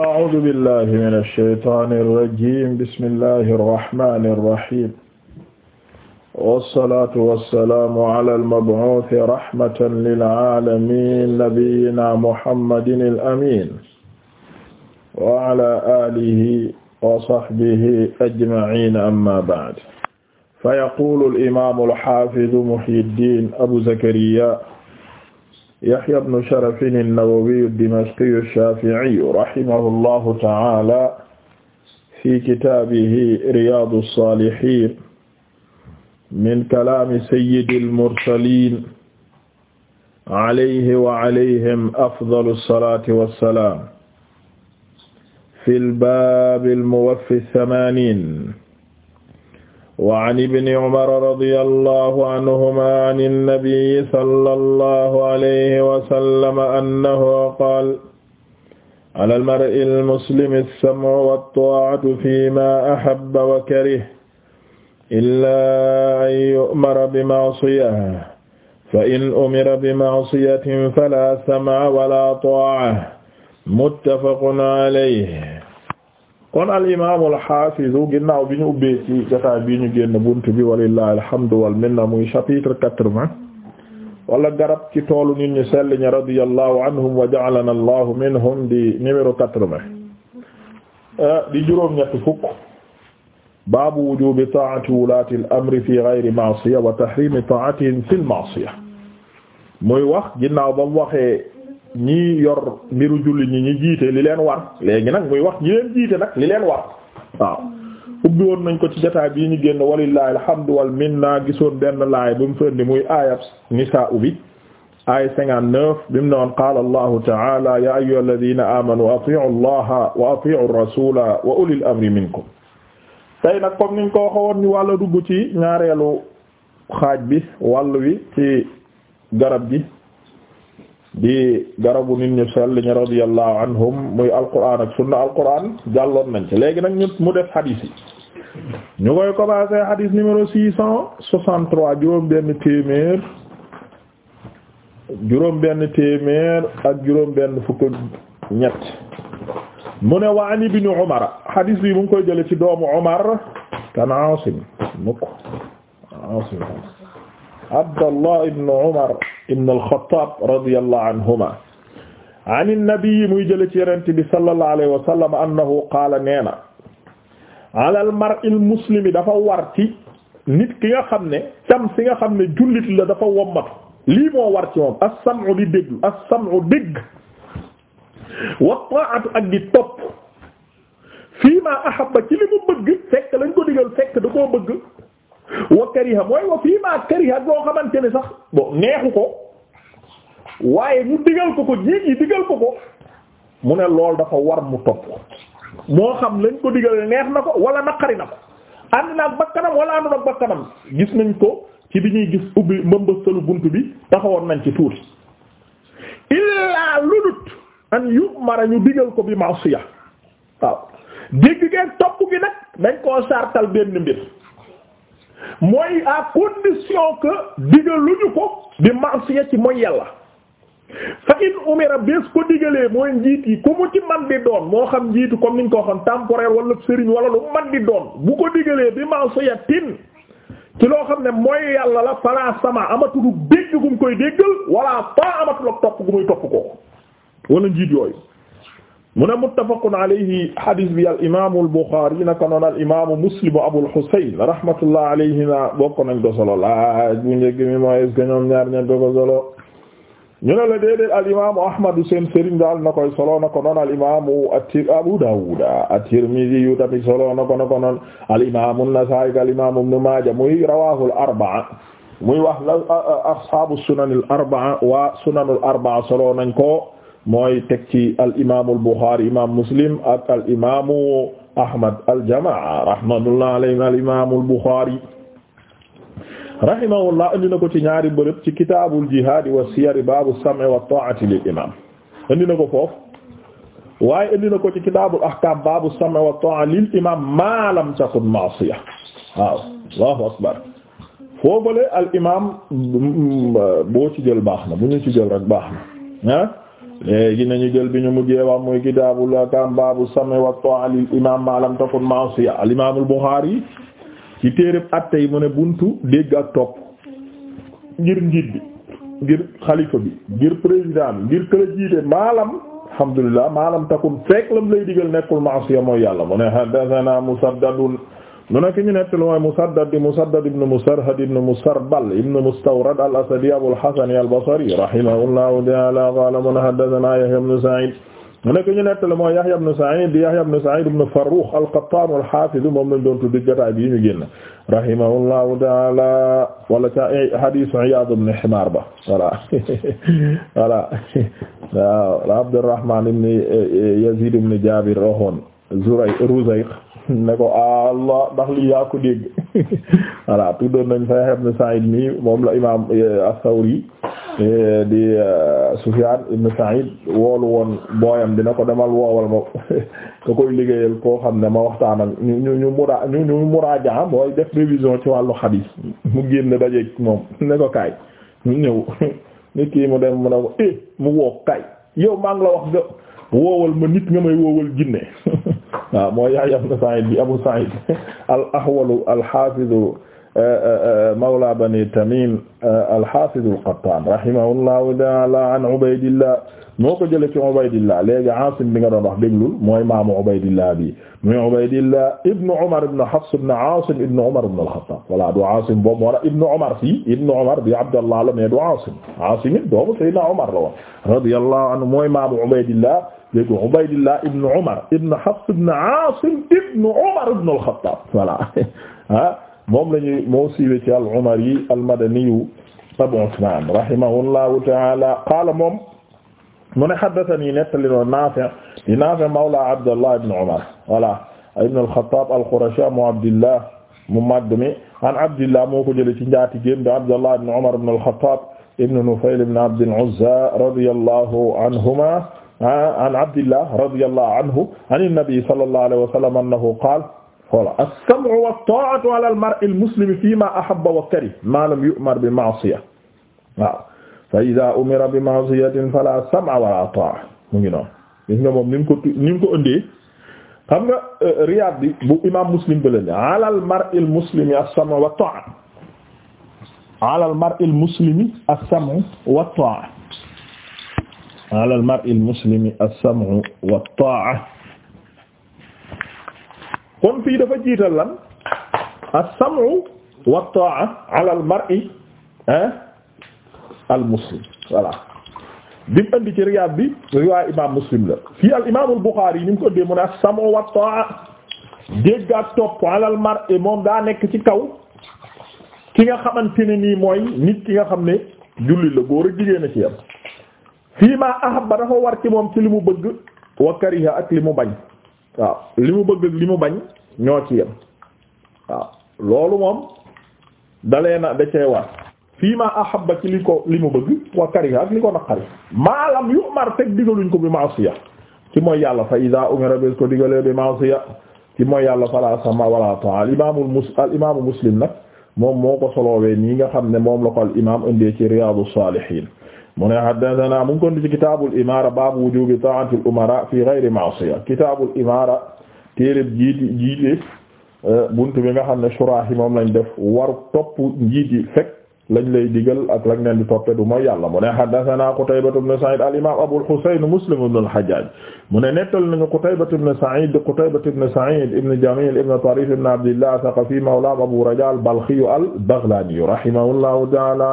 أعوذ بالله من الشيطان الرجيم بسم الله الرحمن الرحيم والصلاة والسلام على المبعوث رحمة للعالمين نبينا محمد الأمين وعلى آله وصحبه أجمعين أما بعد فيقول الإمام الحافظ محي الدين أبو زكريا Yahya ibn Sharaf an-Nawawi ad-Dimashqi ash-Shafi'i rahimahullahu ta'ala fi kitaabihi Riyaadu s-Saalihiin min kalaami sayyidil mursaliin alayhi wa alayhim afdalu s-salaati wa s-salaam fil baabil muwaffi ath-thamaaniin wa an ibni umar radiyallahu anhuma an annabiyi sallallahu alayhi wa sallam annahu qaala ala almar'i almuslimi as-sam'u wat-taa'atu fiimaa ahabba wa kariha illaa an yu'mara bima'siyatin fa in umira bima'siyatin falaa sam'a wa laa taa'ata muttafaqun alayhi kon al imaamu al xaafizu ginnaaw bi ñu ubbee ci jotaay bi ñu génn bunt bi walillahi alhamdu wal minna muy chapitre quatre-vingts wala garab ci toolu nit ñu sell ñi radiyallahu anhum wa ja'alana allahu minhum di numéro quatre-vingts euh, di juróom-ñetti fukk baabu wujubi taa'ati wulaati al amri fi ghayri ma'siya wa tahrimi taa'atihim fil ma'siya muy wax ginnaaw ba mu waxee ñii yor mbiru julli ñi ñi jiite li leen war léegi nag muy wax ñi leen jiite nag li leen war waaw ubbi woon nañ ko ci jotaay bii ñu génn walillahi alhamdu wal minna gisoon benn laay bu mu fëndi muy aayab nisaa bi aaya cinquante-neuf bi mu ne woon qaala allahu taala ya ayyuha alladina amanu atiu allaha wa atiu rasula wa ulil amri ko waxoon dugg ci ñaareelu xaaj bi wàll wi ci garab gi bi garabu nit ñu sell ñu radiyallahu anhum muy alquran ak sunna alquran jàlloon nañ ci léegi nag ñu mu def hadith ñu koy commencé hadith numéro six cent soixante trois juróom benn téeméer juróom benn téeméer ak juróom benn fukk ñett mu ne wa an ibn Umar hadith bi mu koy jële ci doomu Umar kan Asim mukk Abdallah ibn Umar ibn al-Khattab radiyallahu anhuma an an-nabi muy jële ci yonent bi sallallahu alayhi wa sallam annahu qaala neena ala al-mar'i al-muslimi dafa war ci nit ki nga xam ne cam si nga xam ne jullit la dafa wommatu lii moo war ci moom as-sam'u di déglu as-sam'u dégg wa ta'atu ak di topp fii ma ahabba ci li mu bëgg fekk lañ ko digal fekk da koo bëgg wa kariha mooy wa fii ma kariha boo xamante ne sax bon neexu ko waaye ñu digal ko ko jiit yi digal ko ko mu ne lool dafa war mu topp moo xam lañ ko digal neex na ko wala naqari na ko ànd na ak bakkanam wala àndul ak bakkanam gis nañ ko ci bi ñuy gis ubbi mbëmbëstalu bunt bi taxawoon nañ ci tuuti illaa ludut an yu mara ñu digal ko bi masiya waaw dégg ngeen topp gi nag dañ koo sartal benn mbir mooy à condition que digal lu ñu ko di marsiya ci mooy yàlla fa in umira bés ko digalee mooy njiit yi ku mu ci man di doon moo xam njiitu comme niñ ko waxoon temporaire wala sëriñ wala lu man di doon bu ko digalee bi marsiya tin ci loo xam ne mooy yàlla la fala sama amatulu dégg gum koy déggal wala pa amatul ak topp gu muy topp kooku wala njiit yooyu mu ne muttafaqun alayhi hadis bi al imaamu al Buxaari naka noonu al imaamu Muslim Abul Husayn rahmatullah alayhima bokk nañ ko solo laaj bu njëkk mi mooy est-ce que ñoom ñaar ñeent ko solo ñu ne la déedéet al imaamu Ahmad seen sëriñ daal na koy solo na ko noonu al imaamu Abu Daawuud at-Tirmidhi yu tamit solo na ko na ko noonu al imaamu an-Nasaa'i al imaamu Ibnu Maaja muy rawaahul arba'a muy wax la ashaabu sunanil arba'a wa sunanul arba'a solo nañ ko. mooy teg ci al imaamul Buxaari imaam Muslim ak al imaamu Ahmad al jamaa rahmatullah alayhi al imaamul Buxaari rahimahullah indi na ko ci ñaari bërëb ci kitaabul jihaad wa siyar baabu sam'i wa taa'ati lil imaam indi na ko foofu waaye indi na ko ci kitaabul ahkaam baabu sam'i wa taa'ati lil imaam maa lam takun ma'siya waaw Allahu akbar foofale al imaam mm, mm, boo ci jël baax na bu ñu ci jël rek baax na ah. léegi nañu jël bi ñu mujjee wax muy kitaabul akam baabu sam'i wa ta'a lil imaam ma lam takun al imaam al ci téereb atte yi mu ne buntu dégg ak topp ngir njiit bi ngir xalifa bi ngir président bi ngir këla jiite maalam alhamdulillah maalam takun fekk lam lay digal nekkul ma'siya mooy yàlla mu ne haddathana Musaddadun mu nekk ñu nettali mooy Musaddad di Musaddad ibn Musarhad ibn Musarbal ibn Mustawrad al-Asadi Abul Hasan al-Basri rahimahullahu ta'ala qala mun haddathana Yahya ibn Sa'id mu nekk ñu nettali mooy Yahya ibn Sa'id di Yahya ibn Sa'id ibn Farrukh al-Qattan al-Hafiz moom lañ doon tudd jotaay bi ñu génn rahimahullahu ta'ala wala ca hadith Iyad ibn Himar ba voilà voilà waaw Abdurrahman ibn Yazid ibn Jabir Rohon Zurayq ne ko allah ndax lii yaa ko dégg voilà tuddoon nañ Sahih ibn Sa'id mi moom la imam eh, as-Sawri eh, di eh, Sufyan ibn Sa'id woolu woon booyam dina ko demal woowal ma ka koy liggéeyal koo xam ne ma waxtaan ñu ñu ñu mura ñu mooy def révision ci wàllu xadiis mu génn dajeek moom ne ko kaay ñu ñëw nit kii mu dem mu ne ko mu woo kaay yow maa ngi la wax nga woowal ma nit nga may woowal jinne waaw mooy Yahya ibn Sa'id bi Abu Sa'id al-Ahwal al-Hafiz uh, uh, uh, mawla Bani Tamim al-Hafiz al-Qattan rahimahullahu ta'ala an Ubaydillah moo ko jëlee ci Ubaydillah léegi Asim bi nga doon wax déglul mooy maamu Ubaydillah bi muy Ubaydillah ibn Umar ibn Hafs ibn Asim ibn Umar ibn al-Khattab voilà du Asim boobu wala ibn Umar fii ibn Umar bi Abdallah la mais du Asim Asim it doomu Sayyidina Umar la woon radiyallahu anhu mooy maamu Ubaydillah dégg nga Ubaydillah ibn Umar ibn Hafs ibn Asim ibn Umar ibn al-Khattab voilà ah moom la ñuy moo siiwee ci al-Umari al-Madani Abu Usman rahimahullahu ta'ala qaala moom mu ne haddathani nettali noo Naafi' di Naafi' mawla Abdullah ibn Umar voilà ibn al-Khattab al-Qurashi mu Abdillah mu màgg mi an Abdillah moo ko jëlee ci njaatigéem bi Abdullah ibn Umar ibn al-Khattab ibn Nufayl ibn Abd al-Uzza radiyallahu anhuma an abdillah radiyallahu anhu an an-nabi sallallahu alayhi wa sallam annahu qaala voilà as-sam'u wat-taa'atu ala al-mar'i al-muslimi fiimaa ahabba wa kariha maa lam yu'mar bi ma'siya waaw fa idhaa umira bi ma'siyatin falaa sam'a walaa taa'a mu ngi noonu gis nga moom ni mu ko ni mu ko ëndee xam nga euh, riyaad bi bu imaam muslim ba la ala al-mar'i al-muslimi as-sam'u wat-taa'a ala al-mar'i al-muslimi as-sam'u wat-taa'a ala al-mar'i al-muslimi as-sam'u kon fii dafa jiital lan as-sam'u wat-taa'a ala al-mar'i al-muslim voilà bi mu andi ci Riyaad bi riwaaya imaam Muslim la fii al-imaam al-Buxaari yi ni mu ko dee mu ne as-sam'u wat-taa'a dégg ak topp ala al-mar'i moom daa nekk ci kaw ki nga xamante ne nii mooy nit ki nga xam ne julli la góor a jigéen a ci yam fii ma ahabba dafa war ci moom ci li mu bëgg wa kariha ak li mu bañ waaw li mu bëgg li mu bañ ñoo ci yem waaw loolu moom dalee na da cee war fii ma ahabba ci li ko li mu bëgg wa kariha ak li ko naqari maalam yu mar teg digaluñ ko bi ma'siya ci mooy yàlla fa iza umira bes ko digalee bi ma'siya ci mooy yàlla fala sama wala ta'a al imaamul imaamu muslim nag moom moo ko soloowee nii nga xam ne moom la ko al imaam indee ci riyaadu saalihiin mu ne haddathana mu ngi kon di ci kitaabul imaara baabu wujuubi ta'atil umara fi ghayri ma'siya kitaabul imaara téereb jiiti jiite eh, buntu bi nga xam ne surah yi moom lañ def waru topp njiiti fekk lañ lay digal ak lañ leen di toppe du mooy yàlla mu ne haddathana Qutaybatu ibn Sa'id al-imam Abul Husayn Muslim ibn al-Hajjaj mu ne nettal nañu Qutaybatu ibn Sa'id Qutaybatu ibn Sa'id ibn Jamil ibn Tarif ibn Abdillah Thaqafi mawla Abu Raja al-Balkhi al-Baghlani rahimahullahu ta'ala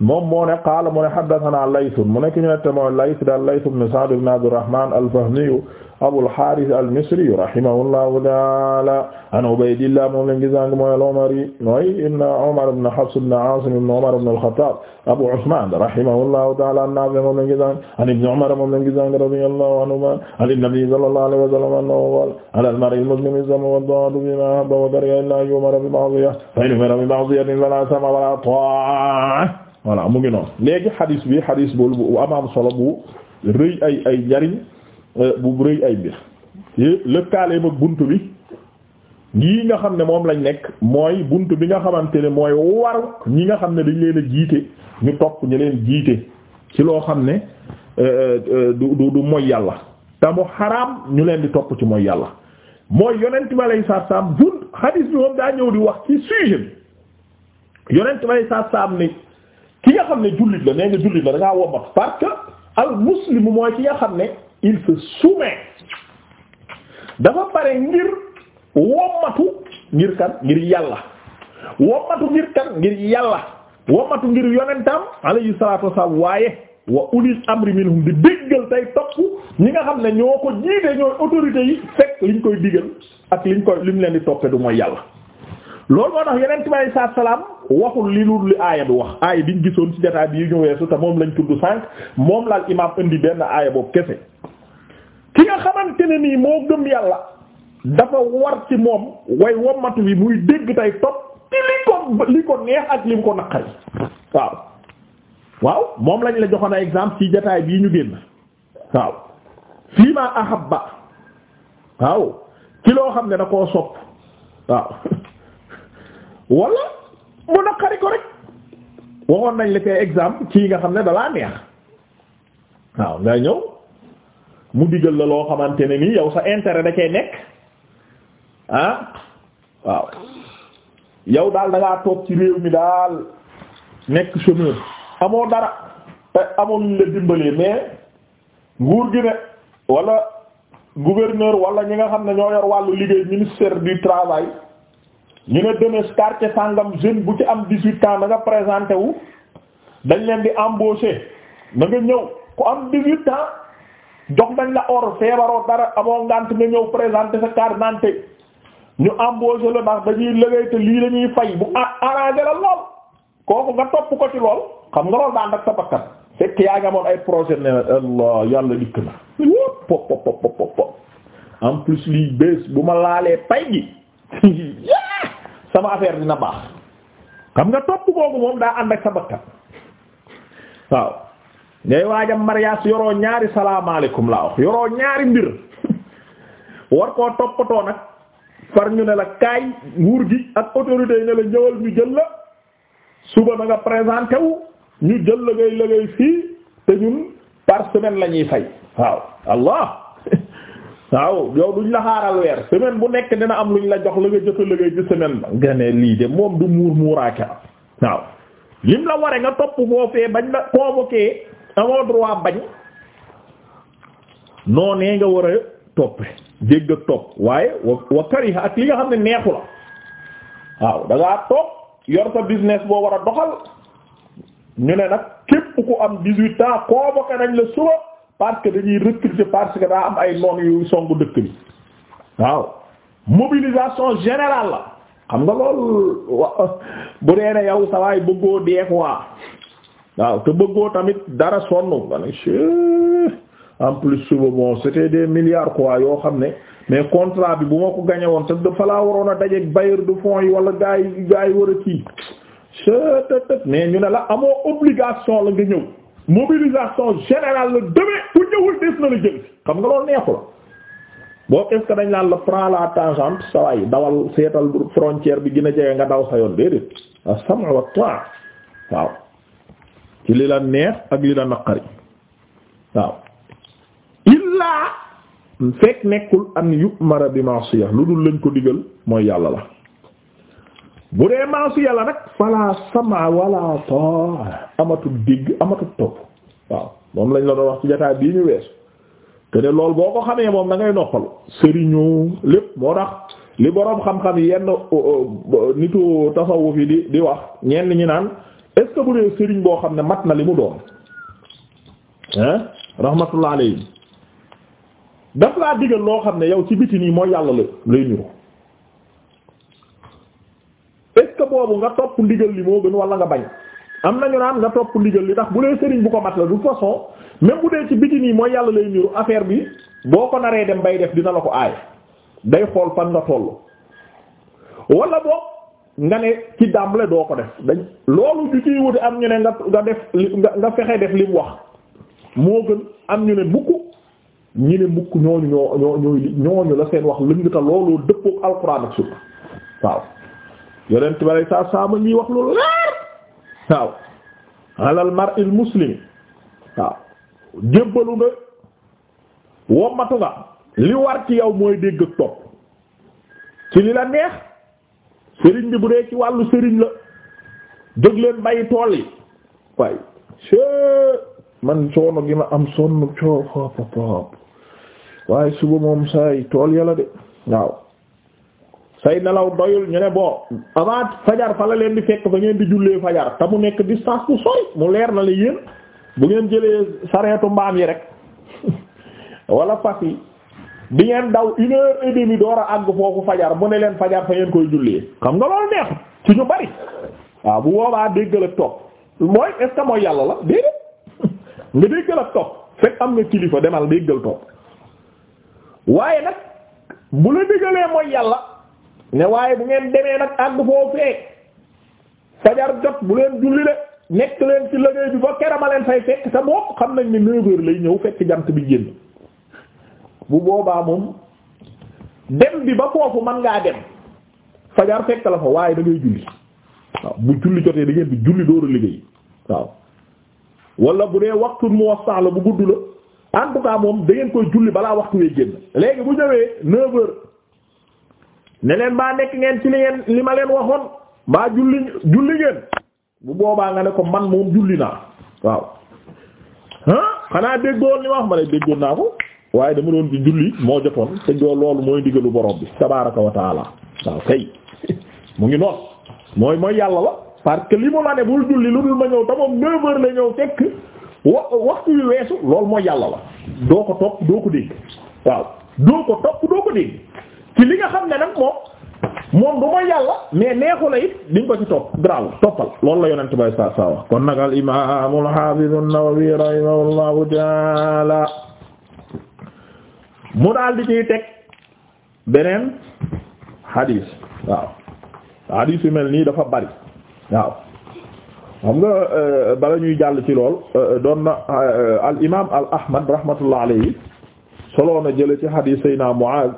moom moo ne qaala mu ne haddathana Layth mu nekk ñu nette moo Layth daal Layth ibn Sa'd ibn Abdurrahman al-Fahmi Abul Harith al-Misri rahimahullahu ta'ala an Ubaydillah moom lañ gisang mooy al-Umari mooy ibn Umar ibn Hafs ibn Asim ibn Umar ibn al-Khattab Abu Uthman rahimahullahu ta'ala an Nafi' moom lañ gisang an Ibn Umar moom lañ gisang radiyallahu anhuma an an-Nabi sallallahu alayhi wa sallam annahu qala ala al-mar'i al-muslimi az-zam'u wad-du'atu bima ahabba wa kariha illa an yu'mara bi ma'siyah fa in umira bi ma'siyatin fala sam'a wala ta'ah voilà mu ngi noonu léegi xadis bi xadis boolu bu amaam solo bu rëy ay ay njariñ euh, bu rëy ay mbir lëkkaaleem ak bunt bi ngii nga xam ne moom lañ nekk mooy bunt bi nga xamante ne mooy war ñi nga xam ne dañ leen a jiite ñu topp ñu leen jiite ci loo xam ne euh, euh, du du mooy yàlla tamu xaraam ñu leen di topp ci mooy yàlla mooy yonent bi alayhi salaatu salaam bunt xadis bi moom daa ñëw di wax ci sujet yonent bi alayhi salaatu salaam ni ki nga xam ne jullit la nee nga jullit la da wommat parce que al muslim mooy ki nga xam ne il se soumet dafa pare ngir wommatu ngir kan ngir yàlla wommatu ngir kan ngir yàlla wommatu ngir yonentam alayhi salatu wassalam waaye wa ulil amri minhum di déggal tey topp ñi nga xam ne ñoo ko jiite ñooy autorités yi fekk ñu koy digal ak liñ koy liñ leen di toppe du mooy yàlla loolu moo tax yeneen bi saa salaam waxul li lu li aaya bi wax aaya biñ gisoon ci jotaay bi ñu weesu te moom lañ tudd sànq moom laal imaam indi benn aaya boobu kese ki nga xamante ne moo gëm yàlla dafa war ci moom way wommatu bi muy dégg tey topp ci li ko li ko neex ak li ko naqari waaw waaw moom lañ la joxoon exemple ci jotaay bii ñu génn waaw fii ma ahabba waaw ci loo xam ne da koo sopp waaw wala mu naqari ko rek waxoon nañ la koy exemple ci nga xam ne dalaa neex waaw nga ñëw mu digal la loo xamante ne nii yow sa intérêt da cay nekk ah waaw yow daal da toog ci réew mi daal nekk chômeur amoo dara amoon amoo lu la dimbalee mais nguur gi ne wala gouverneur wala ñi nga xam ne ñoo yor wàllu liggéey ministère du travail. ñu ne demes quartier sàngam jeune bu ci am dix-huit ans na nga présenté wu dañ leen di embaucher na nga ñëw ku am dix-huit ans jox nañ la or feebaroo dara amoo ngant nga ñëw présenté sa carte d'identité ñu embaucher la ndax dañuy liggéey lii lañuy fay bu arrangé la kooku nga topp ko ci xam nga lool daan ak sa bakkat amoon ay projet ne Allah yàlla dikk na pop en plus lii bés bu ma laalee pay gi sama affaire dina baax xam nga topp googu moom daa ànd ak sa bakkan waaw ngay waajam mariage yoroo ñaari salaamaaleykum laa wax yoroo ñaari mbir war koo toppatoo nag far ñu ne la kaay nguur gi ak autorité yi ne la ñëwal ñu jël la suba na nga présenté ñu jël la ngay fii te ñun par semaine la ñuy fay waaw allah waaw yow duñ la xaaral weer semaine bu nekk dina am luñ la jox la nga jot a semaine ba nga ne lii de moom du muur muuraake la waaw lim la ware nga topp foofee bañ la convoqué amoo droit nga war a ak waaye wa ak li nga xam ne neexu la waaw da ngaa topp yor sa business boo war a doxal ñu ne nag képp ku am dix-huit ans convoqué nañ la suba. parce que dañuy recruter parce que daa am ay noon yu songu dëkk bi waaw mobilisation générale la xam nga loolu bu dee ne yow sawaay bëggoo deek waa waaw te bëggoo tamit dara sonn nga ne en plus suba bon c'était des milliards quoi yoo xam ne mais contrat bi bu ma ko gagné te dafa laa waroon a dajeeg bailleur de fonds yi wala gars yi gars yi war a kii mais ñu ne la amoo obligation la nga ñëw mobilisation générale la demee ku ñëwul des na la jël xam nga loolu neexu la boo est-ce dañ naan la prend la tangente saway dawal seetal frontière bi gën a jege nga daw sa yoon déedéet as-sam'u wa waaw ci li la neex ak li la naqari waaw illaa fekk nekkul an yu'mara bi ma'siyah lu dul lañ ko digal mooy yàlla la bu dee maasu yàlla nag fala sama wala ta amatul digg amatul topp waaw moom lañ la doon wax ci jotaay bii ñu weesu te ne loolu boo ko xamee moom da ngay noppalu sëriñoo lépp moo tax li boroom xam-xam yi yenn euh, euh, nitu tasawuf yi di di wax ñenn ñi naan est bu dee sëriñ boo xam ne mat na li mu doon hein rahmatullah alayhi daf laa digal loo xam ne yow ci biti yi moo yàlla lu lay niru boobu nga topp ndigal li moo gën wala nga bañ am nañu naan nga topp ndigal li ndax bu dee sëriñ bu ko mat la du façon même bu dee ci biti nii moo yàlla lay niru affaire bi boo ko naree dem bay def dina la ko aay day xool fan nga tollu wala boo nga ne ci dàmbale doo ko def dañ loolu du ciy wuti am ñu ne nga nga def nga fexe def li wax moo gën am ñu ne mukk ñu ne bukk ñooñu ñoo ñoo ñooy ñooñu la seen wax lëngata looloo dëppook alxuraan ak sunna waaw yonent bi alay saa saa ma ñuy wax lu leer waaw alal mar'il muslim waaw jébbalu nga wommatu nga li war ci yow mooy dégg ak topp ci li la neex sëriñ bi bu dee ci wàllu sëriñ la jóg leen tool yi waaye man coono ma am sonn suba moom saay tool yàlla de waaw say nelaw doyul ñu ne boo avant fajar fa la leen di fekk fa ngeen di jullee fajar te mu nekk distance bu sori mu leer na la yéen bu ngeen jëlee sareetu mbaam yi rek wala fas yi bi ngeen daw une heure et demie door a àgg foofu fajar mu ne leen fajar fa ngeen koy jullee xam nga loolu neexut ci ñu bari waaw bu boobaa déggal ak topp mooy est mooy yàlla la déedéet nga déggal ak topp fekk am na kilifa demal déggal topp waaye nag bu la déggalee mooy yàlla. ne waaye bu ngeen demee nag àgg foofee fajar jot bu leen julli de nekk leen ci liggéey bi ba kerama leen fay fekk sa bopp xam ñëw fekk jant bi génn bu boobaa moom dem bi ba foofu man ngaa dem fajar fekk la fa waaye da ngay julli waaw bu julli jotee da ngeen di julli dooru liggéey waaw wala bu dee waxtu mu wax sax bu gudd la en tout moom da koy julli balaa waxtu wee génn léegi bu ñëwee neuf ne leen baa nekk ngeen ci li ngeen li ma leen waxoon baa julli julli ngeen bu boobaa nga ne ko man moom julli naa waaw ah xanaa déggoon li ma wax ma ne déggoon naa ko waaye dama doon ci julli moo jotoon te joo loolu mooy ndigalu borom bi tabaaraka wa waaw kay mu ngi noonu mooy mooy yàlla la parce que li mu la ne bul julli lu dul ma ñëw te moom neuf la ñëw fekk wa waxtu yu weesu loolu mooy yàlla la doo ko topp doo ko dégg waaw doo ko topp doo ko ci li nga xam ne nag moom moom du mooy yàlla mais neexu la it diñ ko ci topp graw toppal loolu la yonent bay saa saa wax kon nag al imaam al mel nii dafa nga euh, bala ñuy jàll ci lool euh, doon na euh, al imaam al ahmad rahmatullah alayhi solo na jële ci hadis sayna Muaaz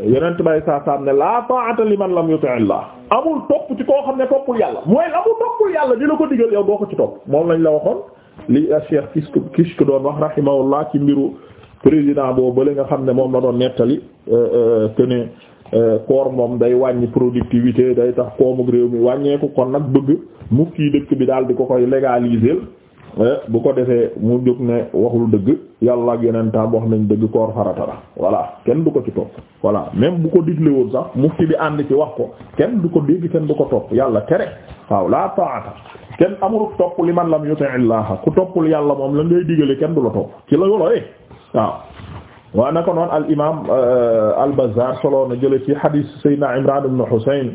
yeneen tubaab saa saa ne laa ta'ata man lam yuti Allah amul topp ci koo xam ne toppul yàlla mooy amul toppul yàlla di la ko digal yow doo ko ci topp moom lañ la waxoon li Cheikh Kishk Kishk doon wax rahimahullah ci mbiru président boobu bële nga xam ne moom la doon nettali euh, euh, que ne euh, koor moom day wàññi productivité day tax koomug réew mi wàññeeku kon nag bëgg mufti dëkk bi daal di ko koy légaliser. Eh, bu ko defee mu jóg ne waxul dëgg yàlla ak yonentam wax nañ dëgg koor farata la voilà kenn du ko ci topp voilà même bu ko digle woon sax mufti bi ànd ci wax ko kenn du ko dégg kenn du ko topp yàlla tere waaw laa taata kenn amul topp li man lam yuti illaha ku toppul yàlla moom la ngay digale kenn du la topp ci la yolo ee eh. waaw waa ko noon al imaam euh, al bazaar solo na jële ci hadith sayyidina imran ibn husayn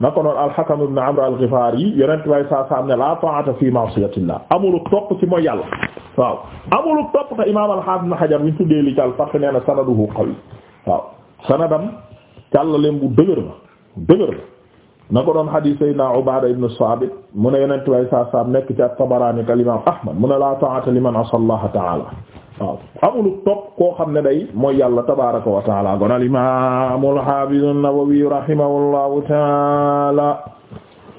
na ko noonu alxakam ibn amr al-Ghifari yi yonent way saa saam ne la ta'ata fi ma'siyatillah amulu topp ci mooy yàlla waaw amulu topp te imam al-Hafiz ibn Hajar ñu tuddee li jàll parce que nee na sanaduhu qawi waaw sanadam càllaleem bu dëgër ba dëgër ba na ko doon hadith sayyidina Ubaada ibn Saabit mu ne yonent way saa saam nekk ci at-Tabarani ak al imam Ahmad mu ne la ta'ata liman asaa Allah ta'ala waaw amulu topp koo xam ne day mooy yàlla tabaraka wa taala gon al imaam al haafiz an-Nawawi rahimahullahu taala